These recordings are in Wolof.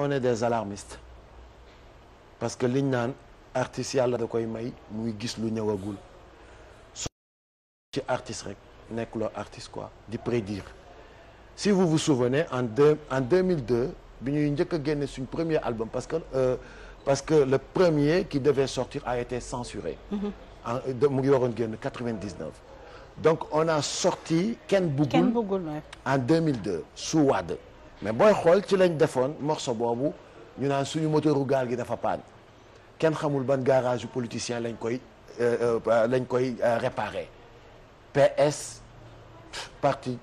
on est des alarmistes parce que liñ naan artiste yàlla da koy may muy gis lu ñëwagul su ci artiste rek nekk loo artiste quoi di prédire si vous vous souvenez en deux en 2002 bi ñuy njëkk a génne suñ premier album parce que euh, parce le premier qui devait sortir a été censuré mm-hmm. en mu ngi waroon donc on a sorti Kenn Bugul en 2002 sous Wade mais booy xool ci lañ defoon morso boobu ñu naan suñu moteuru gaal gi dafa paan kenn xamul ban garage politicien lañ koy euh, euh, lañ koy euh, réparer PS parti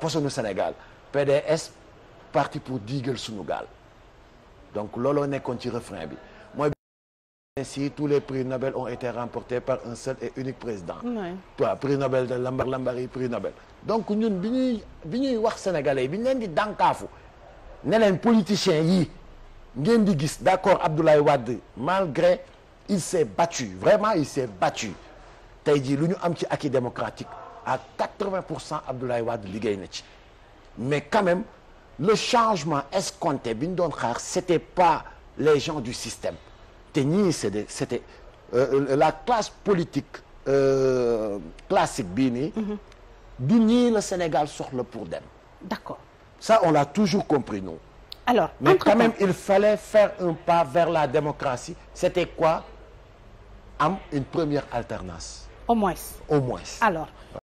posonu Sénégal PDS parti pour diigal suñu gaal donc looloo nekkoon ci refrain bi Ainsi, tous les prix Nobel ont été remportés par un seul et unique président. Oui. Toi, prix Nobel de Lambar Lambari, prix Nobel. Donc ñun bi ñuy bi ñuy wax sénégalais bi ñu leen di dànkaafu ne leen politiciens yi ngeen di gis d'accord Abdoulaye Wade malgré il s'est battu vraiment il s'est battu tey jii lu ñu am ci acquis démocratique à 80 pour cent Abdoulaye Wade liggéey na ci mais quand le changement escompté bi ñu doon xaar c'était pas les gens du système te ñii c'était c'était euh, la classe politique euh, classique bii nii mhm. du ñii la Sénégal soxla pour dem d'accord ça on l'a toujours compris nous alors mais quand même il fallait faire un pas vers la démocratie c'était quoi am une première alternance au moins au moins alors